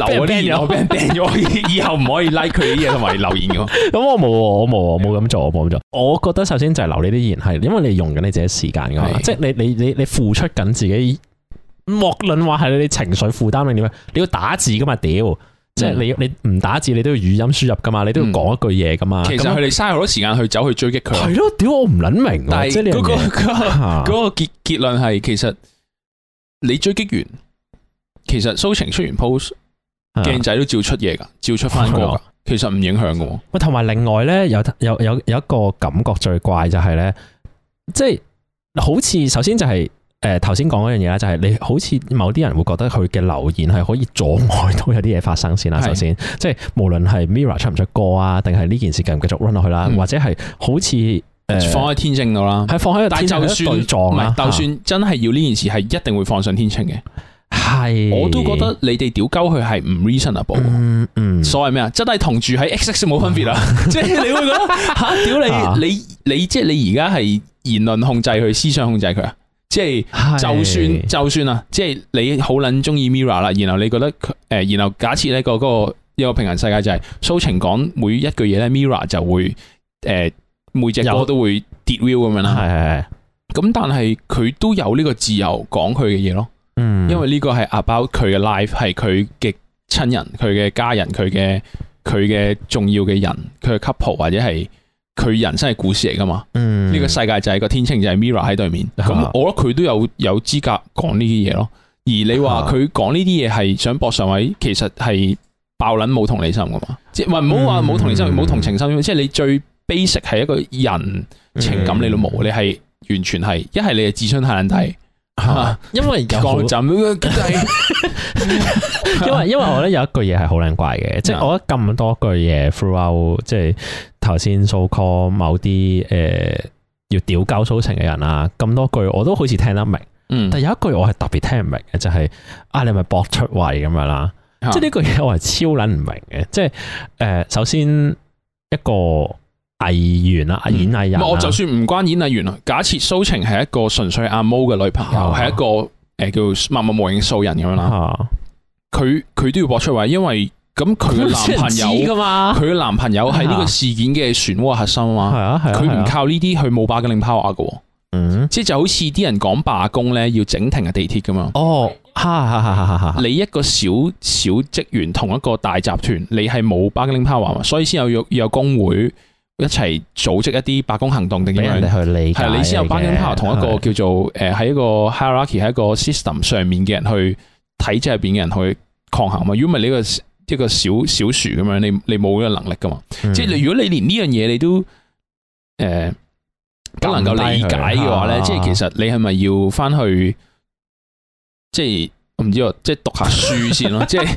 留嗰啲嘢， 我俾人掟 a n 咗， 以後唔可以 like 佢啲嘢同埋留言噶。咁 我冇，我冇，冇咁做，我冇咁做。我覺得首先就係留你啲言，係因為你用緊你自己時間噶嘛，即係的你你你你，你付出緊自己，莫論話係你情緒負擔定點樣，你要打字噶嘛，屌！即係你你唔打字，你都要語音輸入噶嘛，嗯、你都要講一句嘢噶嘛。其實佢哋嘥好多時間去走去追擊佢。係咯、嗯，屌我唔捻明。但係嗰、嗰個嗰、嗰個嗰個結結論係，其實你追擊完，啊、其實蘇晴出完 post 鏡仔都照出嘢噶，照出翻個噶。啊啊、其實唔影響噶。喂，同埋另外咧，有有有有，有一個感覺最怪就係、係、咧，即係好似首先就係、係。誒，頭先講嗰樣嘢啦，就係你好似某啲人會覺得佢嘅留言係可以阻礙到有啲嘢發生先啦。首先，即係無論係 Mirror 出唔出歌啊，定係呢件事繼唔繼續 run 落去啦，啊嗯、或者係好似誒、呃、放喺天秤度啦，係放喺度，但就算、是、唔就算真係要呢件事係一定會放上天秤嘅。係、啊，我都覺得你哋屌鳩佢係唔 reasonable。嗯嗯、所謂咩啊？真係同住喺 X X 冇分別啦。即係、um、你會覺得吓，屌你你你，即係你而家係言論控制佢，思想控制佢啊？即係就算是就算啊！即係你好捻中意 Mira 啦，然後你覺得佢誒、呃，然後假設咧、那個一、那個那個平行世界就係蘇晴講每一句嘢咧，Mira 就會誒、呃、每隻歌都會跌 will 咁樣啦。係係係。咁但係佢都有呢個自由講佢嘅嘢咯。嗯。因為呢個係 about 佢嘅 life，係佢嘅親人，佢嘅家人，佢嘅佢嘅重要嘅人，佢嘅 couple 或者係。佢人生係故事嚟噶嘛？呢、嗯、個世界就係、是、個天秤，就係 Mirror 喺對面，咁、嗯、我覺得佢都有有資格講呢啲嘢咯。而你話佢講呢啲嘢係想搏上位，其實係爆捻冇同理心噶嘛？即係唔好話冇同理心，冇同情心，嗯、即係你最 basic 係一個人情感你都冇，嗯、你係完全係一係你係自尊太爛，但因為講真，因為， 因，為因為我覺得有一句嘢係好撚怪嘅，即係我覺得咁多句嘢，throughout，即係頭先 so call 某啲誒、呃、要屌交 So Ching 嘅人啊，咁多句我都好似聽得明，嗯、但有一句我係特別聽唔明嘅，就係、是、啊你咪搏出位咁樣啦，即係呢句嘢我係超捻唔明嘅，即係誒首先一個。藝員啦、啊，演藝人、啊。我就算唔關演藝員，假設蘇晴係一個純粹阿毛嘅女朋友，係、啊、一個誒、呃、叫默默無影素人咁樣啦。佢佢都要搏出位，因為咁佢男朋友，佢男朋友係呢個事件嘅漩渦核心啊。係啊，係、啊。佢唔靠呢啲，去冇 bargaining power 嘅。嗯，即係就好似啲人講罷工咧，要整停啊地鐵咁樣。哦， 你一個小小職員，同一個大集團，你係冇 bargaining power 啊，所以先有有有工會。一齊組織一啲罷工行動，定點樣？係你先有班跟派同一個叫做誒，喺的、呃、一個 hierarchy、喺一個 system 上面嘅人去體制入邊嘅人去抗衡嘛？如果唔係呢個一個小小樹咁樣，你你冇呢個能力噶嘛？嗯、即係你如果你連呢樣嘢你都誒、呃、不能夠理解嘅話咧，啊、即係其實你係咪要翻去即係？我唔知啊，即係讀下書先咯，即係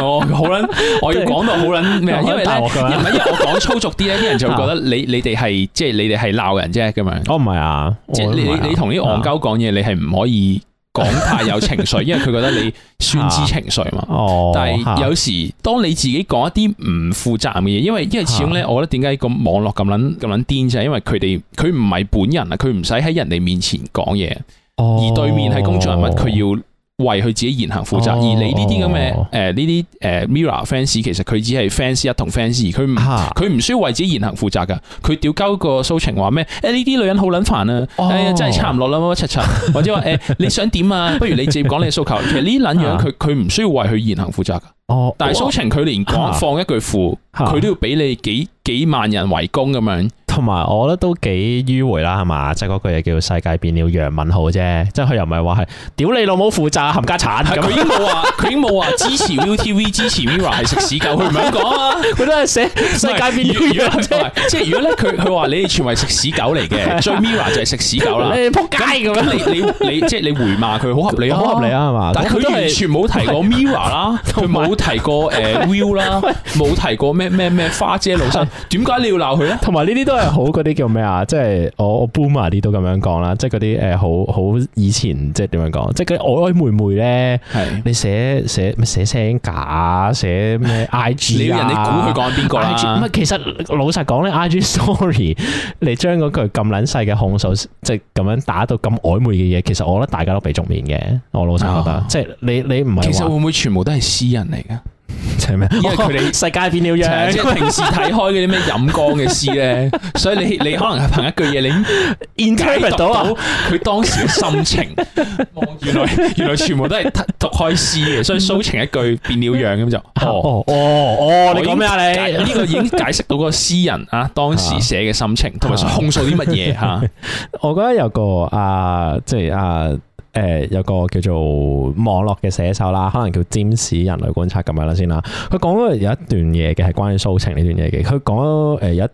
我好捻，我要講到好捻咩啊？因為唔係，因為我講粗俗啲咧，啲人就會覺得你你哋係即係你哋係鬧人啫咁樣。哦，唔係啊，即係你你你同啲戇鳩講嘢，你係唔可以講太有情緒，因為佢覺得你宣知情緒嘛。但係有時當你自己講一啲唔負責任嘅嘢，因為因為始終咧，我覺得點解個網絡咁捻咁捻癲就係因為佢哋佢唔係本人啊，佢唔使喺人哋面前講嘢，而對面係公眾人物，佢要。為佢自己言行負責，哦、而你呢啲咁嘅誒呢啲誒 Mirror fans，其實佢只係 fans 一同 fans，而佢唔佢唔需要為自己言行負責噶。佢屌鳩個蘇晴話咩？誒呢啲女人好撚煩啊！哦、哎真係差唔落啦乜乜柒柒，哦、或者話誒、哎、你想點啊？ 不如你直接講你嘅訴求。其實呢撚樣佢佢唔需要為佢言行負責噶。哦，但係蘇晴佢連講放一句負，佢都要俾你幾幾,幾萬人圍攻咁樣。同埋我覺得都幾迂迴啦，係嘛？即係嗰句嘢叫做世界變了楊敏浩啫，即係佢又唔係話係屌你老母負責冚家鏟咁，已經冇話，已經冇話支持 ViuTV，支持 Mirror 係食屎狗，佢唔係咁講啊，佢都係寫世界變了。即係如果咧佢佢話你哋全係食屎狗嚟嘅，最 Mirror 就係食屎狗啦。你撲街咁你你即係你回罵佢好合理，好合理啊嘛？但佢都完全冇提過 Mirror 啦，佢冇提過誒 Will 啦，冇提過咩咩咩花姐老身，點解你要鬧佢咧？同埋呢啲都係。好嗰啲叫咩啊？即係我我 boom 啊啲都咁樣講啦，即係嗰啲誒好好以前即係點樣講，即係嗰啲曖昧曖昧咧。係你寫寫咩寫聲假寫咩 I G？你估佢講邊個？唔係，其實老實講咧，I G sorry 你將嗰句咁撚細嘅控訴，即係咁樣打到咁曖昧嘅嘢，其實我覺得大家都被重面嘅。我老實覺得，即係你你唔係。其實會唔會全部都係私人嚟噶？即係咩？因為佢哋世界變了樣，即係平時睇開嗰啲咩飲光嘅詩咧， 所以你你可能係憑一句嘢，你 interpret 到佢當時嘅心情。見原來原來全部都係讀開詩嘅，所以騷情一句變了樣咁就哦哦，哦，哦，你講咩啊你？你呢、這個已經解釋到個詩人啊當時寫嘅心情，同埋、啊、控訴啲乜嘢吓？啊、 我覺得有個啊，即、就、係、是、啊。誒、呃、有個叫做網絡嘅寫手啦，可能叫占士人類觀察咁樣啦先啦。佢講咗有一段嘢嘅係關於 So Ching 呢段嘢嘅。佢講咗誒有誒、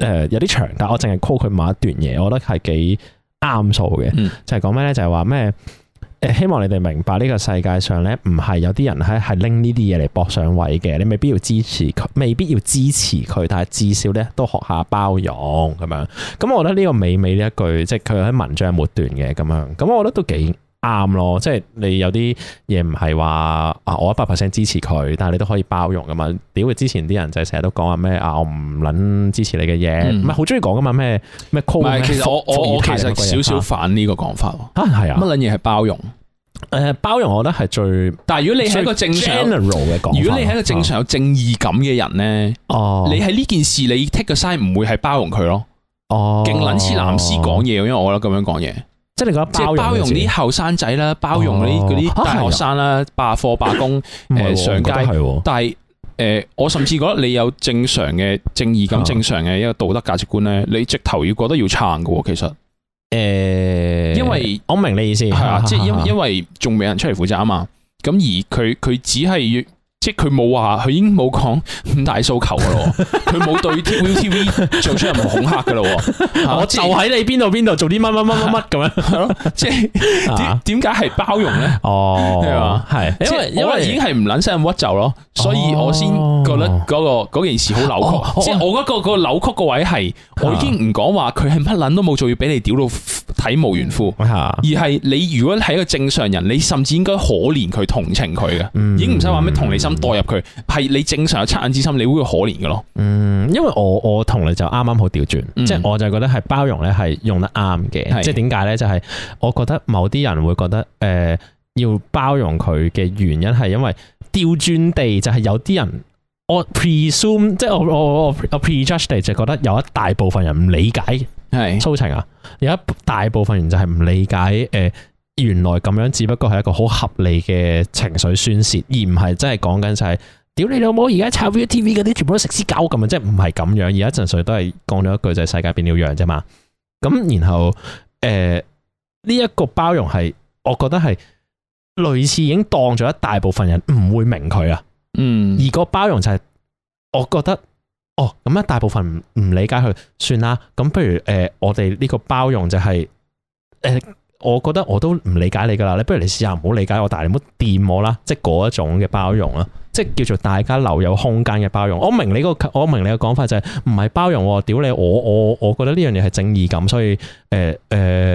呃、有啲長，但我淨係 call 佢某一段嘢，我覺得係幾啱數嘅，就係講咩咧？就係話咩？希望你哋明白呢個世界上咧，唔係有啲人喺係拎呢啲嘢嚟搏上位嘅，你未必要支持佢，未必要支持佢，但係至少咧都學下包容咁樣。咁我覺得呢個美美呢一句，即係佢喺文章末段嘅咁樣，咁我覺得都幾。啱咯，即係你有啲嘢唔係話啊，我一百 percent 支持佢，但係你都可以包容噶嘛。屌，之前啲人就係成日都講話咩啊，我唔捻支持你嘅嘢，唔係好中意講噶嘛咩咩 call，其實我太太我其實少少反呢個講法。吓係啊，乜捻嘢係包容？誒、呃，包容我覺得係最。但係如果你係一個正常嘅講，如果你係一個正常有正義感嘅人咧，哦、啊，你係呢件事你 take 個 side 唔會係包容佢咯。哦、啊，勁捻似男士講嘢，因為我覺得咁樣講嘢。即係包容啲後生仔啦，包容啲嗰啲大學生啦、哦啊，罷課罷工誒、 啊、上街家，啊、但係誒、呃，我甚至覺得你有正常嘅正義感、正常嘅一個道德價值觀咧，啊、你直頭要覺得要撐㗎喎，其實誒，欸、因為我明你意思係啊，即係因因為仲未、啊、有人出嚟負責啊嘛，咁而佢佢只係即係佢冇話，佢已經冇講五大訴求咯。佢冇對 TVTV 做出任何恐嚇噶咯。我就喺你邊度邊度做啲乜乜乜乜乜咁樣？即係點解係包容咧？哦，係因為因為已經係唔卵聲咁屈就咯，所以我先覺得嗰、那個件事好扭曲。哦哦、即係我嗰個、那個扭曲個位係，我已經唔講話，佢係乜卵都冇做，要俾你屌到體無完膚。而係你如果係一個正常人，你甚至應該可憐佢、同情佢嘅，已經唔使話咩同理心。代入佢，係你正常有惻隱之心，你會可憐嘅咯。嗯，因為我我同你就啱啱好調轉，即係、嗯、我就覺得係包容咧係用得啱嘅。是即係點解咧？就係、是、我覺得某啲人會覺得誒、呃，要包容佢嘅原因係因為調轉地就係有啲人，我 presume 即係我我我我，我 prejudge 就係覺得有一大部分人唔理解係蘇晴啊，是有一大部分人就係唔理解誒。呃原來咁樣只不過係一個好合理嘅情緒宣洩，而唔係真係講緊就係屌你老母而家炒 ViuTV 嗰啲全部都食屎狗咁樣，即係唔係咁樣，而家純粹都係講咗一句就係世界變了樣啫嘛。咁然後誒呢一個包容係，我覺得係類似已經當咗一大部分人唔會明佢啊。嗯，而個包容就係、是、我覺得哦咁啊，大部分唔理解佢算啦。咁不如誒、呃，我哋呢個包容就係、是、誒。呃我覺得我都唔理解你噶啦，你不如你試下唔好理解我，但係你唔好掂我啦，即係嗰一種嘅包容啦，即係叫做大家留有空間嘅包容。我明你個，我明你嘅講法就係唔係包容，屌你我我我覺得呢樣嘢係正義感，所以誒誒、呃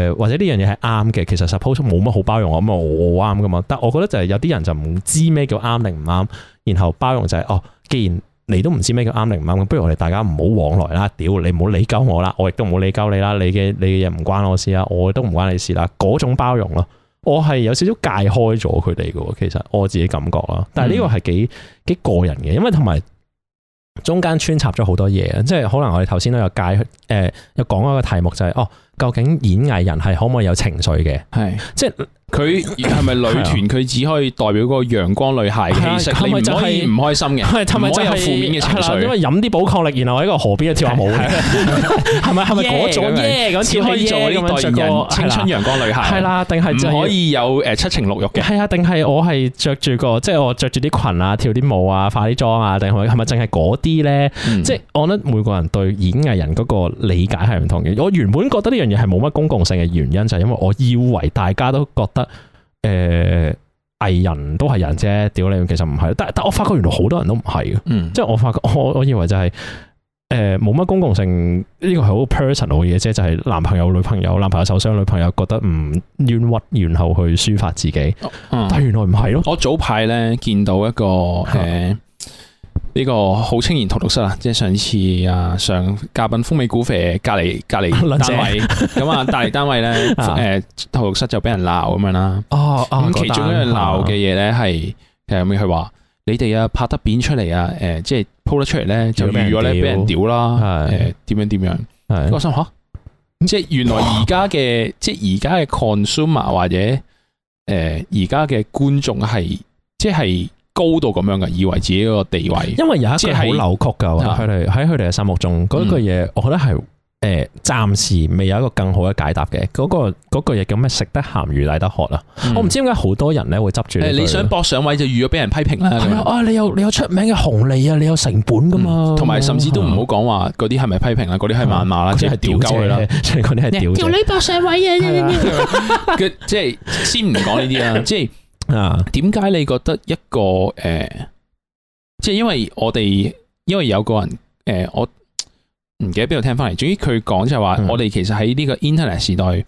呃、或者呢樣嘢係啱嘅。其實 suppose 冇乜好包容，咁我啱噶嘛。但我覺得就係有啲人就唔知咩叫啱定唔啱，然後包容就係、是、哦，既然。你都唔知咩叫啱定唔啱，不如我哋大家唔好往來啦，屌你唔好理鳩我啦，我亦都唔好理鳩你啦，你嘅你嘅嘢唔關我事啦，我都唔關你事啦，嗰種包容咯，我係有少少界開咗佢哋嘅，其實我自己感覺啦，但係呢個係幾幾個人嘅，因為同埋中間穿插咗好多嘢，即係可能我哋頭先都有解，誒、呃、有講一個題目就係、是、哦。究竟演藝人係可唔可以有情緒嘅？係，即係佢係咪女團？佢只可以代表個陽光女孩嘅形象，你唔可以唔開心嘅，係，唔可以有負面嘅情緒。因為飲啲補抗力，然後喺個河邊跳下舞，係咪係咪嗰種咧？只可以做個青春陽光女孩，係啦，定係可以有誒七情六欲嘅？係啊，定係我係着住個，即係我着住啲裙啊，跳啲舞啊，化啲妝啊，定係係咪淨係嗰啲咧？即係我覺得每個人對演藝人嗰個理解係唔同嘅。我原本覺得呢樣。嘢係冇乜公共性嘅原因，就係因為我以為大家都覺得，誒、呃，藝人都係人啫，屌你，其實唔係。但但我發覺原來好多人都唔係嘅，嗯、即係我發覺我我以為就係、是，誒、呃，冇乜公共性，呢個係好 personal 嘅嘢啫，就係、是、男朋友、女朋友、男朋友受傷、女朋友覺得唔冤屈，然後去抒發自己，嗯、但係原來唔係咯，我早排呢見到一個誒。呃嗯呢個好青年圖錄室啊，即係上次啊上嘉賓風味古肥隔離隔離單位，咁啊隔離單位咧誒圖錄室就俾人鬧咁樣啦。哦，咁其中一樣鬧嘅嘢咧係誒咁佢話你哋啊拍得片出嚟啊誒即係 po 得出嚟咧就如果咧俾人屌啦，誒點樣點樣？我心嚇，即係原來而家嘅即係而家嘅 consumer 或者誒而家嘅觀眾係即係。高度咁樣嘅，以為自己個地位，因為有一個好扭曲噶，佢哋喺佢哋嘅心目中嗰句嘢，我覺得係誒暫時未有一個更好嘅解答嘅。嗰個嗰句嘢叫咩？食得鹹魚賴得渴啦。我唔知點解好多人咧會執住你想搏上位就預咗俾人批評啦。係啊，你有你有出名嘅紅利啊，你有成本噶嘛。同埋甚至都唔好講話嗰啲係咪批評啦，嗰啲係謾罵啦，即係屌鳩佢啦，即係嗰啲係屌。屌你搏上位嘅，即係先唔講呢啲啦，即係。啊，點解你覺得一個誒、呃，即係因為我哋因為有個人誒、呃，我唔記得邊度聽翻嚟，總之佢講就係話，我哋其實喺呢個 Internet 時代，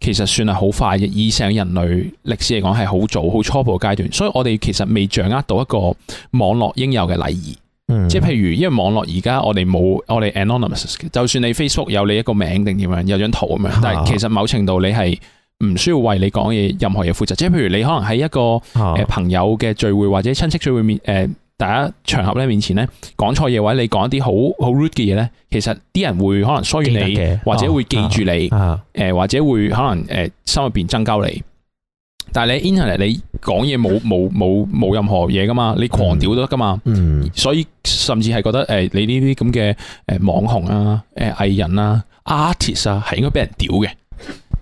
其實算係好快嘅，以上人類歷史嚟講係好早、好初步嘅階段，所以我哋其實未掌握到一個網絡應有嘅禮儀，嗯、即係譬如因為網絡而家我哋冇我哋 anonymous，就算你 Facebook 有你一個名定點樣，有張圖咁樣，但係其實某程度你係。唔需要為你講嘢任何嘢負責，即係譬如你可能喺一個誒朋友嘅聚會或者親戚聚會面誒、啊、大家場合咧面前咧講錯嘢或者你講一啲好好 root 嘅嘢咧，其實啲人會可能疏遠你，哦、或者會記住你，誒、哦、或者會可能誒心入邊憎交你。啊、但係你 internet 你講嘢冇冇冇冇任何嘢噶嘛，你狂屌都得噶嘛，嗯、所以甚至係覺得誒你呢啲咁嘅誒網紅啊、誒藝人啊、artist 啊係、啊啊、應該俾人屌嘅。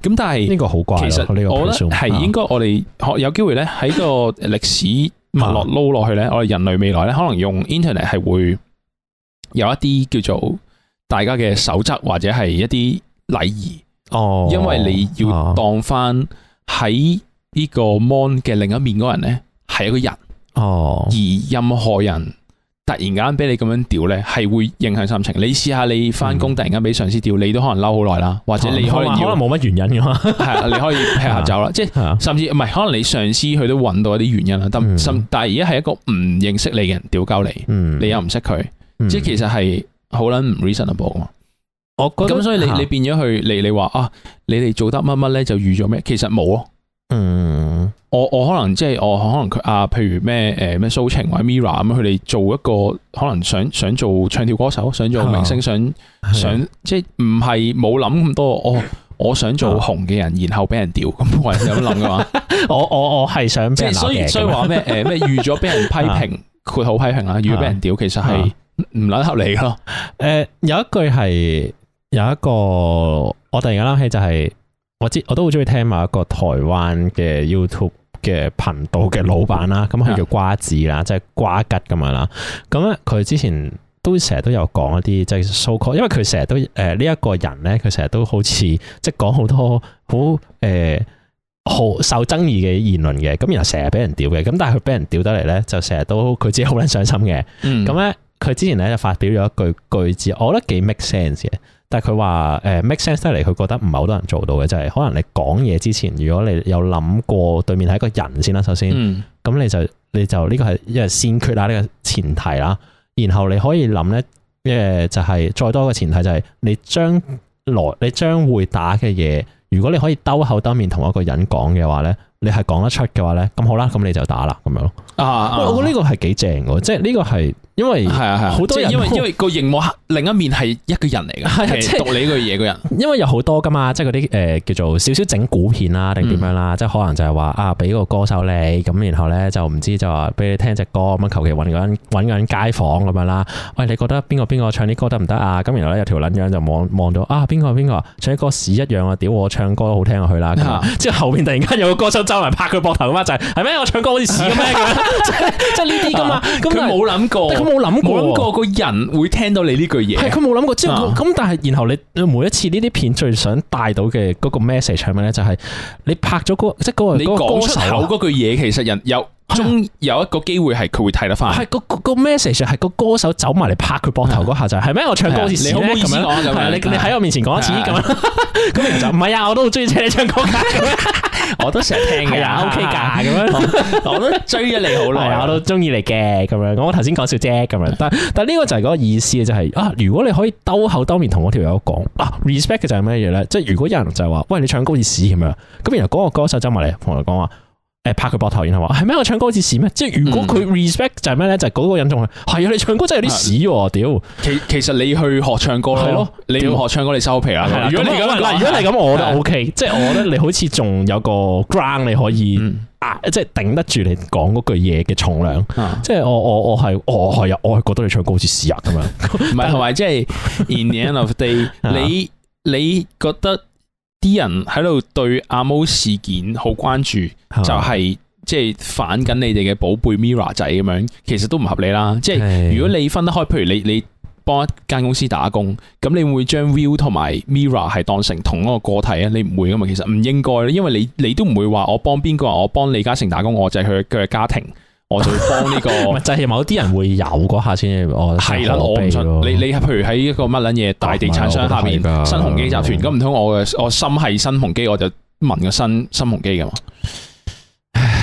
咁但係呢個好怪，其實我覺得係應該我哋可有機會咧喺個歷史脈絡撈落去咧，我哋人類未來咧可能用 internet 係會有一啲叫做大家嘅守則或者係一啲禮儀哦，因為你要當翻喺呢個 mon 嘅另一面個人咧係一個人哦，而任何人。突然間俾你咁樣屌咧，係會影響心情。你試下你翻工突然間俾上司屌，嗯、你都可能嬲好耐啦。或者你可以，可能冇乜原因噶嘛，係 啊，你可以劈下走啦。的即係甚至唔係的，可能你上司佢都揾到一啲原因啦。嗯、但但係而家係一個唔認識你嘅人屌鳩你，嗯、你又唔識佢，嗯、即係其實係好撚唔 reasonable 噶嘛。我覺得咁所以你的你變咗去你你話啊，你哋做得乜乜咧就預咗咩？其實冇咯。嗯，我我可能即係我可能佢啊，譬如咩誒咩 So Ching 或者 Mirror 咁，佢哋做一個可能想想做唱跳歌手，想做明星，想的想即係唔係冇諗咁多，我我想做紅嘅人，然後俾人屌咁， 冇人有咁諗噶嘛？我我我係想即係雖然雖然話咩誒咩預咗俾人批評 括好批評啦，預咗俾人屌，其實係唔撚合理咯。誒、呃，有一句係有一個我突然間諗起就係、是。我知我都好中意聽埋一個台灣嘅 YouTube 嘅頻道嘅老闆啦，咁佢、oh, okay. 叫瓜子啦，即係瓜吉咁樣啦。咁咧佢之前都成日都有講一啲即係 so call 因為佢成日都誒呢一個人咧，佢成日都好似即係講好多好誒好受爭議嘅言論嘅，咁然後成日俾人屌嘅。咁但係佢俾人屌得嚟咧，就成日都佢自己好捻傷心嘅。咁咧佢之前咧就發表咗一句句，句子，我覺得幾 make sense 嘅。但係佢話誒 make sense 得嚟，佢覺得唔係好多人做到嘅，就係、是、可能你講嘢之前，如果你有諗過對面係一個人先啦，首先，咁、嗯、你就你就呢、這個係一係先決啊呢個前提啦，然後你可以諗咧、就是，誒就係再多個前提就係你將來，你將會打嘅嘢，如果你可以兜口兜面同一個人講嘅話咧。你係講得出嘅話咧，咁好啦，咁你就打啦，咁樣咯、啊。啊，我覺得呢個係幾正嘅，嗯、即係呢個係因為係啊係啊，即係因為因為個熒幕另一面係一個人嚟㗎，係即係讀你句嘢嗰人。因為有好多噶嘛，即係嗰啲誒叫做少少整古片啦，定點樣啦，嗯、即係可能就係話啊，俾個歌手你，咁然後咧就唔知就話俾你聽隻歌，咁啊求其揾個揾個人街訪咁樣啦。喂，你覺得邊個邊個唱啲歌得唔得啊？咁然後有條撚樣就望望咗啊，邊個邊個唱啲歌屎一樣啊！屌我唱歌都好聽啊，佢啦，即係後，的後面突然間有個歌手。就嚟拍佢膊頭嘛，就係咩？我唱歌好似屎咁咩？咁，即係呢啲咁嘛？咁冇諗過，佢冇諗，冇諗過個人會聽到你呢句嘢。係佢冇諗過，即係咁。但係然後你，每一次呢啲片最想帶到嘅嗰個 message 係咩咧？就係你拍咗嗰即係嗰個，你講出口嗰句嘢，其實人有中有一個機會係佢會睇得翻。係個 message 係個歌手走埋嚟拍佢膊頭嗰下就係咩？我唱歌好似屎咁樣咁樣。係你你喺我面前講一次咁樣咁就唔係啊！我都好中意聽你唱歌。我都成日聽噶，O K 噶咁樣，我都追咗你好耐，我都中意你嘅咁樣。咁我頭先講笑啫，咁樣。但但呢個就係嗰個意思，就係、是、啊,如果你可以兜口兜面同嗰條友講啊，respect 嘅就係咩嘢咧？即係如果有人就係話，喂你唱歌似屎咁樣，咁然後嗰個歌手走埋嚟同我講話。誒拍佢膊頭，然後話係咩？我唱歌好似屎咩？即係如果佢 respect 就係咩咧？就係嗰個人仲係啊！你唱歌真係有啲屎喎！屌，其其實你去學唱歌咯，係咯，你要學唱歌你收皮啊！如果你咁嗱，如果係咁，我覺得 OK。即係我覺得你好似仲有個 ground 你可以啊，即係頂得住你講嗰句嘢嘅重量。即係我我我係我係啊，我係覺得你唱歌好似屎啊咁樣。唔係同埋即係 in the end of day，你你覺得？啲人喺度對阿毛事件好關注，吧就係即係反緊你哋嘅寶貝 Mirror 仔咁樣，其實都唔合理啦。即係如果你分得開，譬如你你幫一間公司打工，咁你會將 Viu 同埋 Mirror 係當成同一個個體啊？你唔會㗎嘛？其實唔應該，因為你你都唔會話我幫邊個啊？我幫李嘉誠打工，我就係佢嘅家庭。 我就幫呢、這個， 是就係某啲人會有嗰下先，我係啦，我唔信你你，你譬如喺一個乜捻嘢大地產商下面，新鴻基集團，咁唔通我嘅我心係新鴻基，我就問個新新鴻基噶嘛。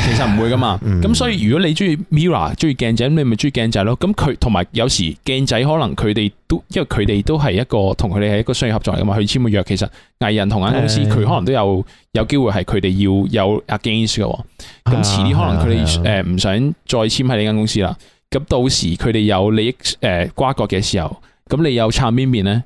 其實唔會噶嘛，咁所以如果你中意 Mira，中意鏡仔，你咪中意鏡仔咯。咁佢同埋有時鏡仔可能佢哋都，因為佢哋都係一個同佢哋係一個商業合作嚟噶嘛。佢簽個約，其實藝人同間公司，佢可能都有有機會係佢哋要有 against 噶。咁遲啲可能佢哋誒唔想再簽喺呢間公司啦。咁到時佢哋有利益誒瓜葛嘅時候，咁你有撐邊邊咧？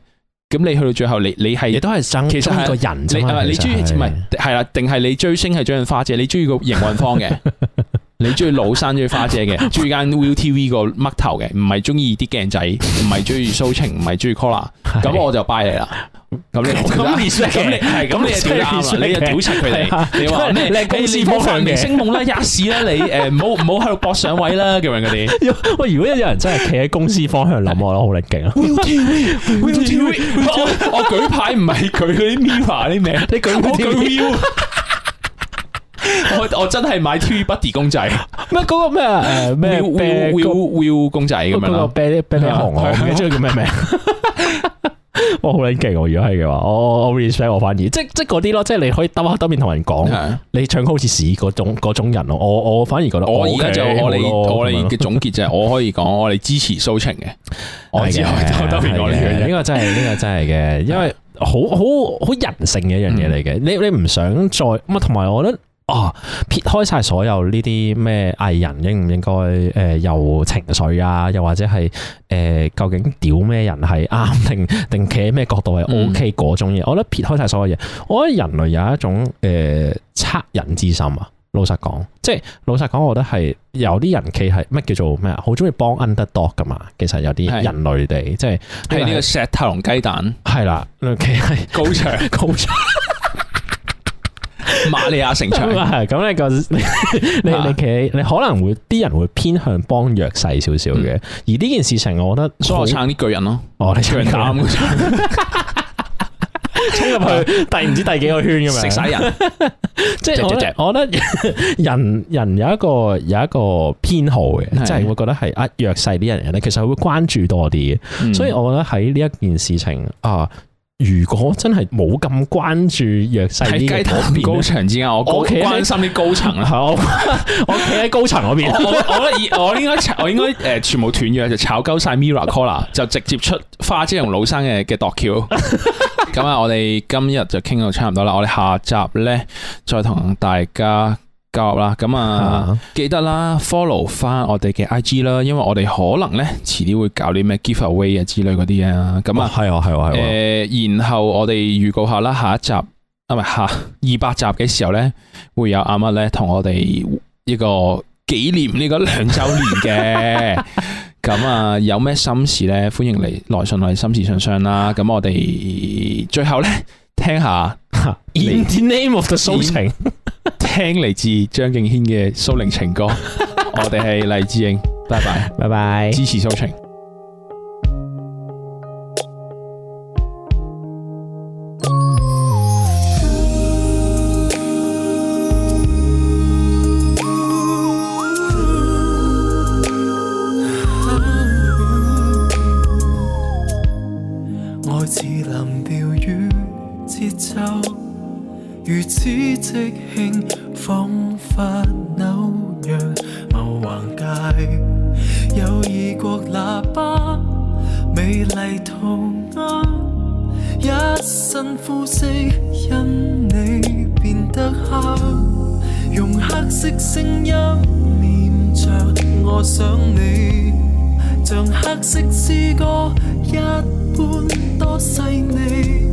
咁你去到最後，你你係亦都係爭呢個人啫嘛？你中唔係係啦？定係你，是你追星係追人花姐？你中意個營運方嘅？ 你中意老山中意花姐嘅？中意間 ViuTV 個嘜頭嘅？唔係中意啲鏡仔？唔係中意蘇晴？唔係中意 COLLAR？咁我就拜你啦。咁你咁你說，咁你係咁你係啊，你係屌柒佢哋，你話咩？你公司方向嘅星夢啦，吔屎啦，你誒，唔好唔好喺度搏上位啦，咁樣嗰啲。喂，如果有人真係企喺公司方向諗，我諗好叻勁啊！ViuTV，ViuTV，我舉牌唔係舉嗰啲 MIRROR 啲名，你舉嗰啲 Viu。我我真係買 T V Buddy 公仔，咩嗰個咩啊？咩 Viu Viu Viu 公仔咁樣啦，Ben Ben Ben 紅啊，唔記得叫咩名。我好撚勁喎！如果係嘅話，我我 respect 我反而，即即嗰啲咯，即係你可以兜下兜面同人講，你唱歌好似屎嗰種嗰種人咯。我我反而覺得，我而家就我哋我哋嘅總結就係，我可以講我哋支持蘇情嘅。我知，我兜面我呢樣嘢，呢個真係呢個真係嘅，因為好好好人性嘅一樣嘢嚟嘅。你你唔想再咁啊？同埋我覺得。哦，撇開曬所有呢啲咩藝人應唔應該誒有情緒啊？又或者係誒、呃、究竟屌咩人係啱定定企喺咩角度係 O K 嗰種嘢？嗯、我覺得撇開曬所有嘢，我覺得人類有一種誒、呃、惻隱之心啊！老實講，即係老實講，我覺得係有啲人企係乜叫做咩啊？好中意幫 underdog 噶嘛？其實有啲人類地即係係呢個石頭同雞蛋係啦，企係、嗯、高牆場 高牆場。瑪利亞城牆係咁，你個你你企你可能會啲人會偏向幫弱勢少少嘅，嗯、而呢件事情，我覺得我撐啲巨人咯，哦，啱啱衝入去第唔知第幾個圈咁樣，食晒人，人， 人，即係 人 我覺得人人有一個有一個偏好嘅，即係的會覺得係啊弱勢啲人咧，其實會關注多啲嘅，嗯、所以我覺得喺呢一件事情啊。如果真係冇咁關注弱勢啲，喺雞頭高層之間，我我企喺心啲高層啦。我企喺高層嗰邊，我我應該我應該誒，全部斷約就炒鳩晒 Mirror、er, 就直接出花姐同老生嘅嘅度橋。咁 啊，我哋今日就傾到差唔多啦。我哋下集咧，再同大家。啦，咁啊，啊記得啦，follow 翻我哋嘅 IG 啦，因為我哋可能咧遲啲會搞啲咩 giveaway 啊之類嗰啲啊，咁啊係啊係啊係啊，誒、啊啊呃、然後我哋預告一下啦，下一集啊唔係吓二百集嘅時候咧會有阿乜咧同我哋呢個紀念呢個兩周年嘅，咁 啊有咩心事咧歡迎嚟來信我哋心事信箱啦，咁我哋最後咧聽下你 In the name of the、song. 騷靈情歌。聽嚟自張敬軒嘅《騷靈情歌》，我哋係黎智英，拜拜，拜拜，支持騷靈。愛似藍調與節奏，如此即。因你變得黑，用黑色聲音念著我想你，像黑色詩歌一般多細膩，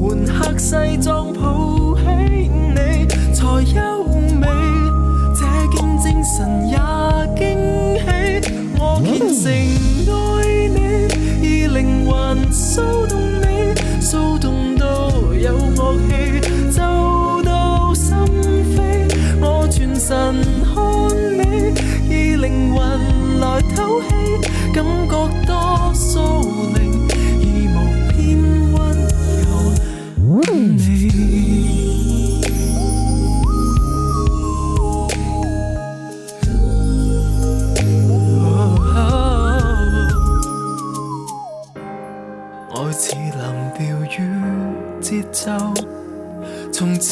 換黑西裝抱起你才優美，這件精神也驚喜，我虔誠愛你，以靈魂騷動